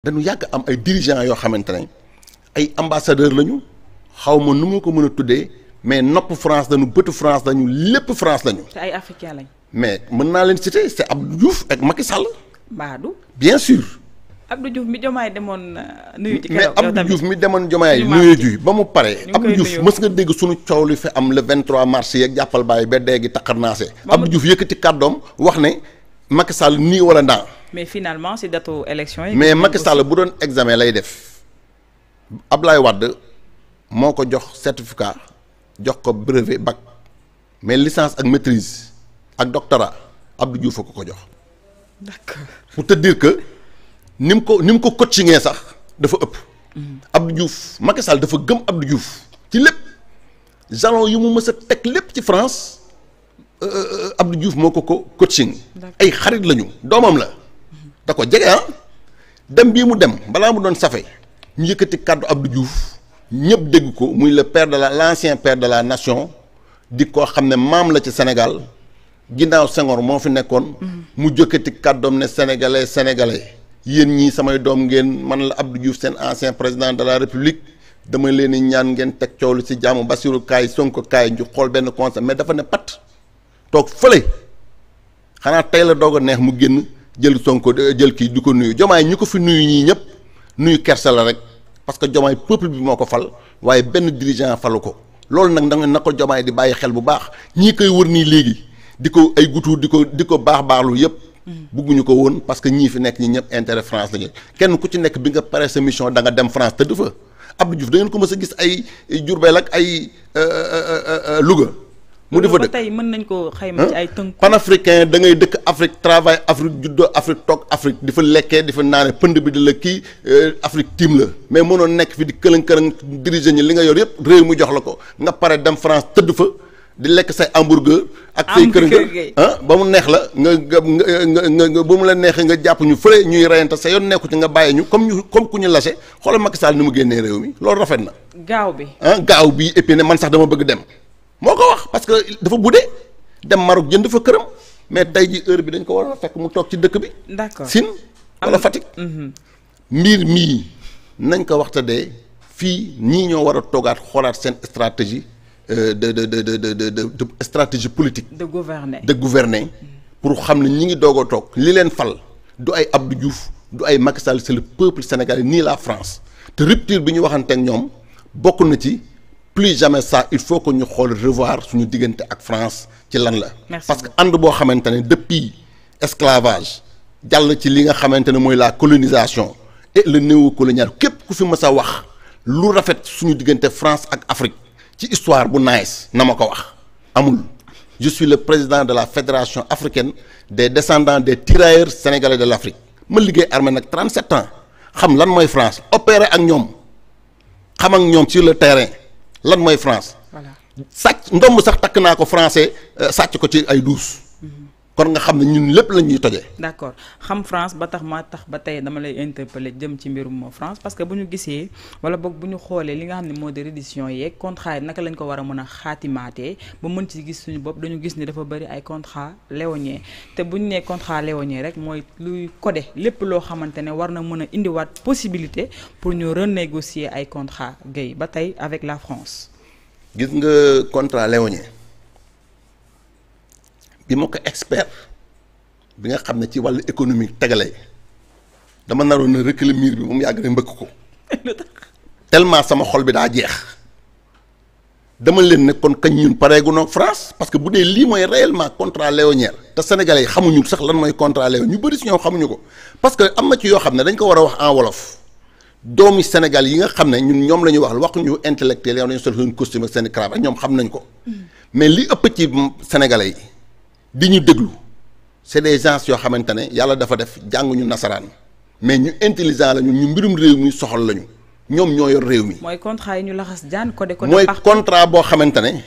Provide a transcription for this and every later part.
dañu yàgg am ay dirigeants yoo xamante ne ay ambassadeurs lañu xaw ma nu ma ko mën a tuddee mais nopp France dañu bëtu France dañu lépp France lañu. te ay africains mais mën naa leen citer c'est Abdou Diouf ak Macky Sall. Badou. bien sûr. Abdou Diouf mi Diomaye demoon euh, nuyu. ci keroog mais Abdou Diouf mi demoon Diomaye nuyu ba mu pare. Abdou Diouf mës nga dégg sunu coow li fi am le 23 mars yeeg jàppal bàyyi ba dee gi taqar naase. juuf yëkk yëkkati kàddoom wax ne Macky Sall nii wala ndaa mais finalement c'est date aux élections. mais Macky Sall bu doon examen lay def Ablaye Wade moo ko jox certificat jox ko brevet bac mais licence ak maîtrise ak doctorat Abdou Diouf ko ko jox. d'accord pour te dire que ni mu ko ni mu ko coachingee sax dafa ëpp. Mm-hmm. Abdou Diouf Macky Sall dafa gëm Abdou Diouf ci lépp jalon yu mu mës a teg lépp ci France euh, euh, euh, Abdou Diouf moko ko coaching. ay xarit lañu domam la. da ko jege ah. dem bi mu dem bala mu don safe ñu yëkëti cadeau Abdou Diouf ñëpp dégg ko muy le père de la l'ancien père de la nation di ko xamné mam la ci Sénégal ginnaaw Senghor mo fi nekkon mu jëkëti cadeau né sénégalais sénégalais yeen ñi samay dom ngeen man la Abdou Diouf sen ancien président de la république. dama leen ñaan ngeen tek ciowlu ci jaamu Bassirou Sonko kay ñu xol ben conseil mais dafa ne pat tok feulé xana tay la doog neex mu genn jël Sonko jël ki di ko nuyu jomaay ñi fi nuyu ñi ñep nuyu kersa la rek parce que jomaay peuple bi moko fal waaye ben dirigeant faluko lool nak nag na na ko di bàyyi xel bu baax ñi koy wër nii léegi di ay goutou diko diko baax baaxlu yëpp. Mm. bugguñu ko woon parce que ñi fi nekk ñi ñep intérêt France la kenn ku ci nekk bi nga paré sa mission da nga dem France te du fa Abdou Diouf da ngeen ko mësa gis ay Diourbel ak ay euh, euh, euh, Louga. mu di fa dëkk tey mën nañ ko xayma ci ay tënk. panafricain da ngay dëkk Afrique travail Afrique juddoo Afrique toog Afrique di fa lekkee di fa naane pënd bi di la kii euh, Afrique tiim la mais mënoon nekk fi di këlëng këlëng diriger ñi li nga yor yëpp réew mu jox la ko nga pare dem France tëdd fa. di lekk say hamburger ak say kër nga ba mu neex la nga nga nga nga ba mu la neexee nga jàpp ñu fële ñuy reyante sa yoon nekku ci nga bàyyi ñu comme ñu comme ku ñu lase xoolal Macky Sall ni mu génnee réew mi loolu rafet na. gaaw bi ah gaaw bi et ne man sax dama bëgg dem. moko wax parce que dafa boudé dem Maroc jënd fa kërëm mais tey ji heure bi dañ ko waroon a fekk mu tok ci dëkk bi. d'accord Sine wala Fatick. mir mhm. mi nañ ko waxta dé fi ñi ñoo wara togaat xolaat sen seen stratégie euh, de de de de de de de stratégie politique. de gouverner de gouverner pour xam ñi ngi dogo tok li leen fal du ay Abdou Diouf du ay Macky Sall c'est le peuple sénégalais ni la France te rupture bi ñu ak ñom bokku na ci plus jamais ça il faut que nous revoyons revoir suñu diggante ak France ci lan la. parce que ànd boo xamante ne depuis esclavage jàll ci li nga xamante ne la colonisation et le néocolonial képp ku fi mës a wax lu rafet suñu diggante France ak Afrique ci histoire bu nice na ma wax amul. je suis le président de la fédération africaine des descendants des tirailleurs sénégalais de l'Afrique. Afrique ma liggéey armée 37 ans xam lan la France opéré ak ñoom xam ak ñoom sur le terrain. lan mooy France. sàcc ndomb sax takk naa ko français euh, sàcc ko ci ay douze. kon nga xam ne ñun lépp la ñuy tojee. d' accord xam France ba tax ma tax ba tey dama lay interpeller jëm ci mbirum France parce que bu ñu gisee wala boog bu ñu xoolee li nga xam ne moo di reddition yeeg contrat yi naka lañ ko war a mën a xaatimaatee ba mën ci gis suñu bopp dañu gis ni dafa bëri ay contrat léonien te bu ñu nee contrat léonien rek mooy luy codé lépp loo xamante ne war na mën a indiwaat possibilité pour ñu renégocier ay contrat gay ba tey avec la France. gis nga contrat léonien. bi ma expert bi nga xamne ci walu économique tagalé dama naroon na reculer mur bi moom yàgg rek mbëkk ko tellement sama xol bi da jeex dama len ne kon kañ ñun paré gu no France parce que boudé li moy réellement contrat léonier te sénégalais xamu ñu sax lan moy contrat léon ñu bëri si ñoom xamuñu ko parce que am ci yo xamne dañ ko wara wax en wolof domi Sénégal yi nga xamne ñun ñom lañu wax wax ñu intellectuel yow ñu sol seen costume ak seen cravate ñoom xam nañ ko mais li ëpp ci sénégalais di ñu déglu c'est des gens yoo xamante ne yàlla dafa def jànguñu nasaraan mais ñu intelligent lañu ñu mbirum réew mi soxal lañu ñoom ñoo yor réew mi. mooy contrat yi ñu laxas jaan codé codé mooy contrat boo xamante ne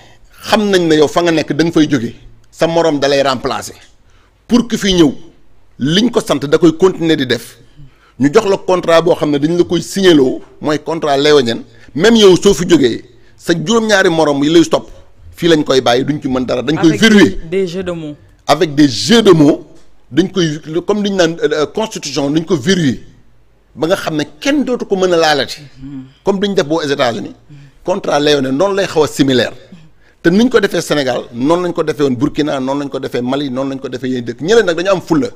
xam nañ na yow fa nga nekk da nga fay jóge sa morom dalay lay pour ki fi ñëw liñ ko sant da koy continuer di def ñu jox la contrat boo xam ne dañ la koy signéloo mooy contrat léonien même yow soo fi jógee sa juróom-ñaari morom yi lay topp. fi lañ koy bàyyi duñ ci mën dara dañ koy verrouiller des jeux de mots avec des jeux de mots duñ koy comme li ñu euh, euh, constitution duñ ko verrouiller ba nga xamné ne kenn dootu ko mëna laalati comme duñ def boo États-Unis contrat léonin non lay xawa similaire te niñ ko defee Sénégal non lañ ko defee won Burkina non lañ ko defee Mali non lañ ko defee yeneen dëkk ñëlé nak dañu am fulla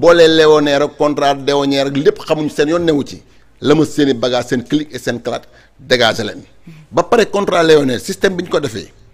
boolee léonin ak contrat déonéer ak lépp xamuñ sen yon néwu ci la ma seen bagage seen clic et seen clat dégagé leen ba paré contrat léonin système bi ko defee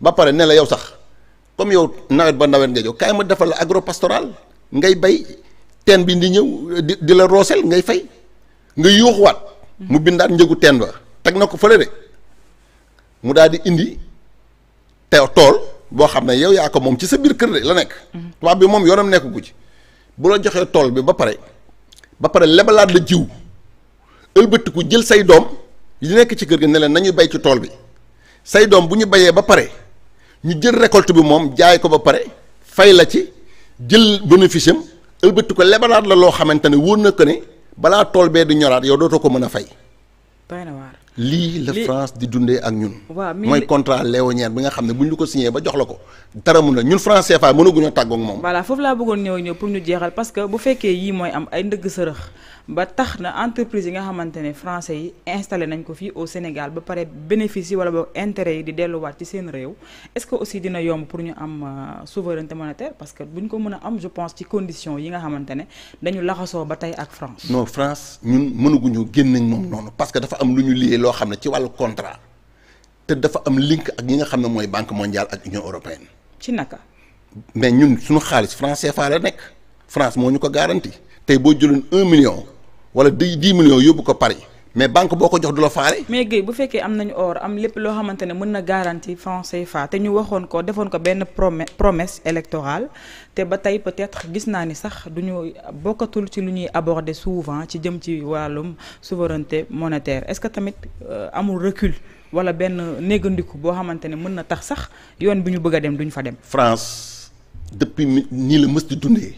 ba pare ne la yow sax comme yow nawet ba nawet nga jóg ma defal la agropastoral ngay bay teen bi di ñëw di la roosel ngay fay nga yuuxuwaat mu bindaat njëgu teen ba teg na ko fële de mu daal di indi te tool boo xam ne yow yaa ko moom ci sa biir kër de la nekk. tubaab bi moom yoonam nekk gu ci bu la joxee tool bi ba pare ba pare lebalaat la jiw ëlbatiku jël say doom yi nekk ci kër gi ne leen nañu bay ci tool bi say doom bu ñu bayee ba pare. ñu jël récolte bi moom jaay ko ba pare fay la ci jël bénéfice am ëlbati ko lebalaat la loo xamante ne wóor na ko ne balaa tool bee di ñoraat yow dootoo ko mën a fay. lii la France di dundee ak ñun. mooy contrat léonnière bi nga xam ne bu ñu ko signé ba jox la ko dara mun la ñun franc CFA mënaguñoo tàggoog moom. voilà foofu laa bëggoon ñëw ñëw pour ñu jeexal parce que bu fekkee yii mooy am ay ndëgg sërëx. ba tax na entreprise yi nga xamante ne français yi installé nañ ko fii au Sénégal ba pare bénéfice wala boog intérêt yi di delluwaat ci seen réew est-ce que aussi dina yomb pour ñu am euh, souveraineté monétaire parce que buñ ko mën a am je pense ci condition yi nga xamante ne dañu laxasoo ba tey ak France. non France ñun mënaguñu génn nañ moom noonu parce que dafa am lu ñu lié loo xam ne ci wàllu contrat te dafa am link ak yi nga xam ne mooy banque mondiale ak union européenne. ci naka. mais ñun suñu xaalis français CFA la nekk France moo ñu ko garanti tey boo jëloon 1 million wala di dix millions yóbbu ko Paris mais banque boko jox du la mais Guèye bu fekkee am nañ or am lépp lo xamante ne mën na garantie franc CFA te ñu waxon ko defoon ko ben promesse électorale te ba tay peut-être gis na ni sax duñu ñu bokkatul ci luñuy aborder souvent ci jëm ci walum souveraineté monétaire est-ce que tamit euh, amul recul wala ben négandiku bo xamante ne mën na tax sax yoon bi ñu bëgg dem duñ fa dem. France depuis ni le mës dundé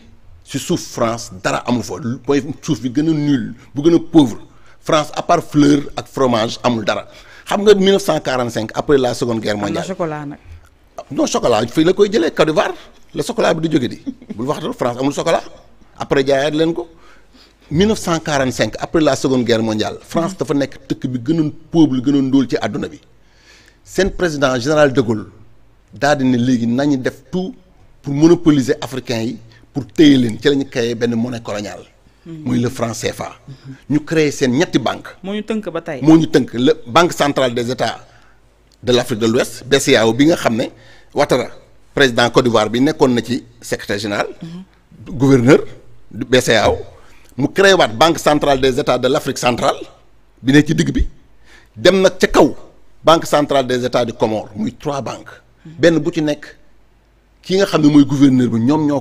si sous France dara amu fa point suuf bi gën nul bu gën pauvre France à part fleur ak fromage amul dara xam nga 1945 après la seconde guerre mondiale Non chocolat ah, non chocolat fii la koy jëlee le le le chocolat bi du jóge di le voyez. France amul chocolat après le chocolat. ko 1945 après la seconde guerre mondiale France dafa nekk dëkk bi gënoon pauvre de ndóol ci àdduna bi Le président général de Gaulle il di ne tout pour monopoliser africain pour téye ci lañu ñu ben monnaie coloniale. Mhm. muy le franc CFA. Mhm. ñu créé sen ñetti banque mo ñu tënk ba tay mo ñu tënk le banque centrale des états de l'Afrique de l'Ouest BCEAO bi nga xamné Ouattara président Côte d'Ivoire bi nekkoon na ci secrétaire général. Mhm. gouverneur du BCEAO mu créé waat banque centrale des états de l'Afrique centrale bi ne ci dig bi dem nag kaw banque centrale des états du Comore muy trois banques. ben bu ci nek ki nga xamné moy gouverneur bi ñom ñoo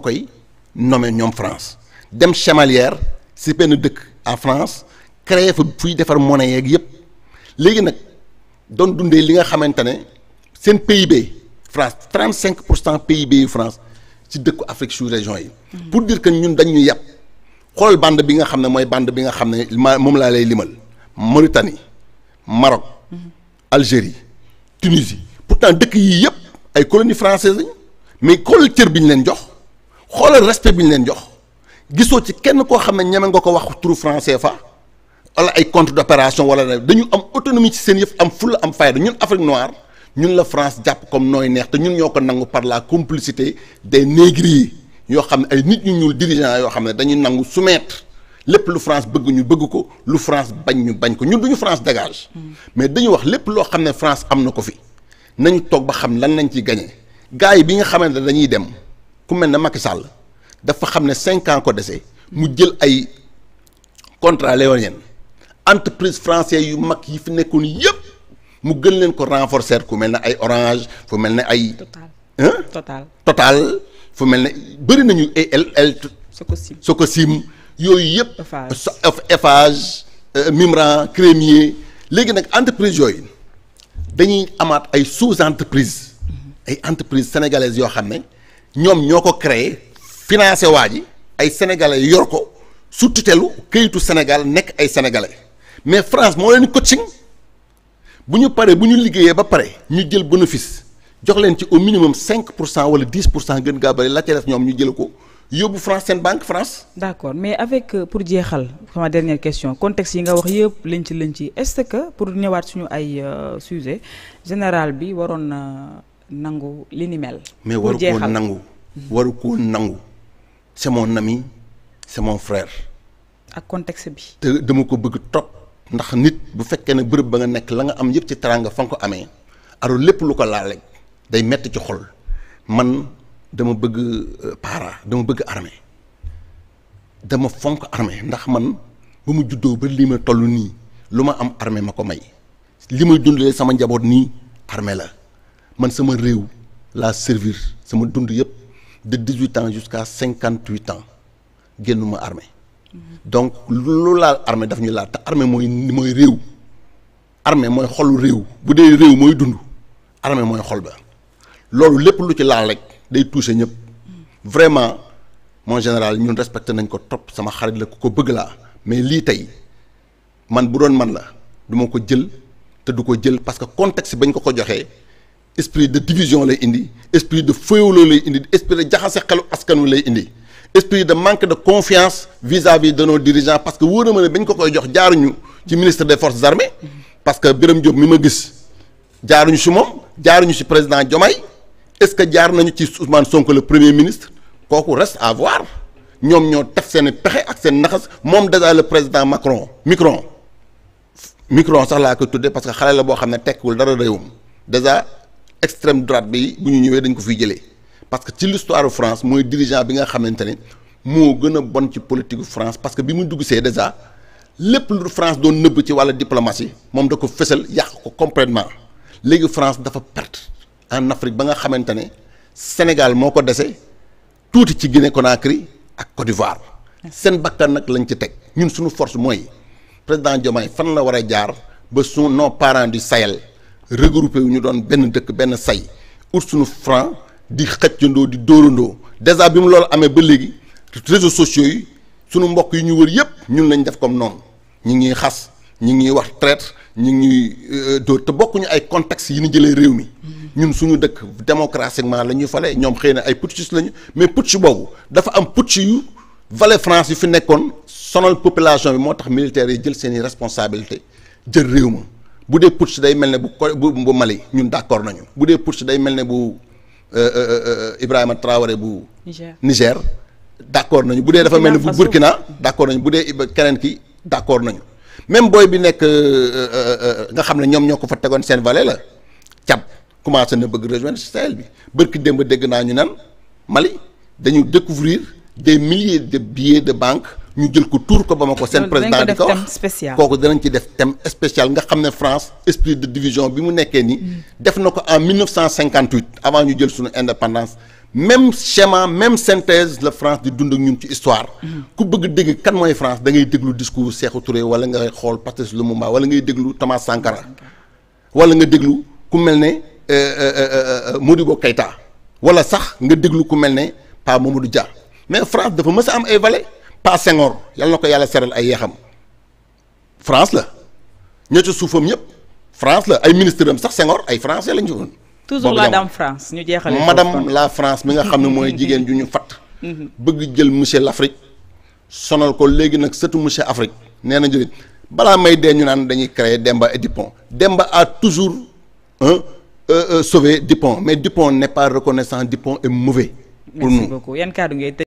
nommé ñoom France dem chamalière si nous dëkk à France créé fa de defar monnaie yeeg yëpp léegi dans doon dundee li nga c'est une PIB France 35 PIB de France ci dëkku Afrique sous région yi. Hmm. pour dire que ñun dañ ñu yàpp bande bi nga xam ne bande bi nga xam ne lay limal Mauritanie Maroc. Hmm. Algérie Tunisie pourtant dëkk yii yëpp ay colonies françaises mais xool cër bi ñu le respect bi len jox gisoo ci kenn ko ne nga ko wax français fa wala ay compte d'opération wala dañu am autonomie ci seen yef am Nous, am fayda Afrique noire nous, la France japp comme noy neex te ñun ñoko nangu par la complicité des négriers yo yoo France, nous ay nit ñu ñul dirigeants yo xam dañuy nangu soumettre lu France bëgg ñu bëgg ko lu France bañ ñu bañ ko ñun France dégage. mais dañu wax lepp lo nous France am na ko fi nañu tok ba xam lan lañ ci gagné gars bi nga ku mel ne Macky Sall dafa xam ne ans ko dese mu jël ay contrat léonien entreprise français yu mag yi fi nekkoon yëpp mu gën leen ko renforcer ku mel ne ay Orange fu mel ne ay. Total hein? Total. Total fu mel ne bëri nañu ay LL. Socosim Socosim yooyu yëpp. Eiffage euh, Mimran Crémier léegi nag entreprise yooyu dañuy amaat ay sous entreprise ay entreprise sénégalaises yoo xam ñoom ñoo ko créé financé waa ji ay sénégalais yor ko su tutelu këyitu Sénégal nekk ay sénégalais mais France moo leen coaching bu ñu paree bu ñu liggéeyee ba pare ñu jël bénéfice jox leen ci au minimum pour cent wala 10 pour cent gën gaa bëri la ca ñoom ñu jël ko yóbbu France seen banque France. d' accord mais avec euh, pour jeexal sama dernière question contexte yi nga wax yëpp lañ ci lañ ci est ce que pour ñëwaat suñu ay euh, sujet général bi waroon na. nangu lini mel. mais waru nangu. waru ko nangu c'est mon ami c'est mon frère. ak contexte bi. te dama ko bëgg top ndax nit bu fekke ne bërëb ba nga nek la nga am yëpp ci teraanga fanko amé ko lepp lu ko laale day metti ci xol man dama bëgg euh, para dama bëgg armée dama fonk armée ndax man ba mu juddoo ba li ma toll nii lu ma am armée ma ko may li may dundalee sama njaboot nii armée la man sama rew servir sama dund de 18 ans jusqu'à 58 ans génnuma armée donc lu la armée est l'armée laal l'armée, armée moy moy rew armée moy xolu rew bu rew moy dund armée moy xol ba lolu lepp lu ci day vraiment mon général ñun respecté nañ ko trop sama xarit la mais li tey man bu doon man la duma ko jël te parce que contexte bañ ko esprit de division lay indi esprit de esprit de esprit de manque de confiance vis-à-vis de nos dirigeants parce que vous ko koy jox ministre des forces armées parce que Birame Diop mi gis jaaruñu ci mom jaaruñu président est-ce que jaar nañu le premier ministre Qu'il reste à voir ñoo taf ak naxas déjà le président Macron Micron Micron parce que la dara déjà extrême droite bi bu ñu ñëwé dañ ko fiy jëlé parce que ci l'histoire de France moy dirigeant bi nga xamante mo gëna bon ci politique France parce que bi mu dugg see déjà lepp lu France do neub ci wala diplomatie mom da ko fessel yak ko complètement légui France dafa perte en Afrique ba nga xamante Sénégal moko ko dese ci Guinée Conakry ak Côte d'Ivoire sen bakkan nak lañ ci teg ñun suñu force moy président Diomaye fan la wara jaar ba su nos parents du Sahel regroupé ñu doon benn dëkk benn say ut suñu franc di xëccandoo di dóorandoo dèjà bi mu loolu amee ba léegi réseaux sociaux yi suñu mbokk yi ñu wër yépp ñun lañ def comme noonu ñi ngi xas ñi ngi wax traître ñi ngi euh, dóor te bokkuñu ay contexte yi ñu jëlee réew mi mm-hmm. ñun suñu dëkk démocratiquement la ñuy fale ñoom xëy na ay putschistes lañu mais putsch boobu dafa am putsch yu valet France yu fi nekkoon sonal population bi moo tax militaires yi jël seeni responsabilité jël réew ma bu dee putsch day mel ne bu bu Mali ñun d'accord nañu bu dee putsch day mel ne euh, euh, euh, euh Ibrahima Traoré bu Niger d'accord nañu bu dee dafa mel bu Burkina d'accord nañu bu dee keneen ki d'accord nañu même boy bi nek nga xam ñom ñoko fa tegoon sen valé la ciap commencé na bëgg rejoindre style bi Burkina démb dégg naa ñu nan Mali dañu découvrir des milliers de billets de banque nous jël ko tour ko président thème spécial France esprit de division mm. en 1958 avant ñu jël suñu indépendance même schéma même synthèse la France di dund histoire mm. ku bëgg dégg kan France da ngay déglu discours Cheikh Touré wala Patrice Thomas Sankara wala ku euh, euh, euh, Modibo wala sax nga ku mais France dafa am Pa Senghor yal na ko yàlla seral ay yeexam France la ñoo ca suufam yëpp France la ay ministre am sax Senghor ay français lañ ci toujours la dame France ñu jeexalee madame la France mi nga xam ne mooy jigéen ju ñu fatt mhm. bëgg jël monsieur l'Afrique sonal ko léegi nak sëtu monsieur Afrique nee na bala may dee ñu nan dañuy créer Demba et Dupont Demba a toujours un hein, euh, euh, sauvé Dupont mais Dupont n'est pas reconnaissant Dupont est mauvais. pour nous merci beaucoup yan kàddu ngay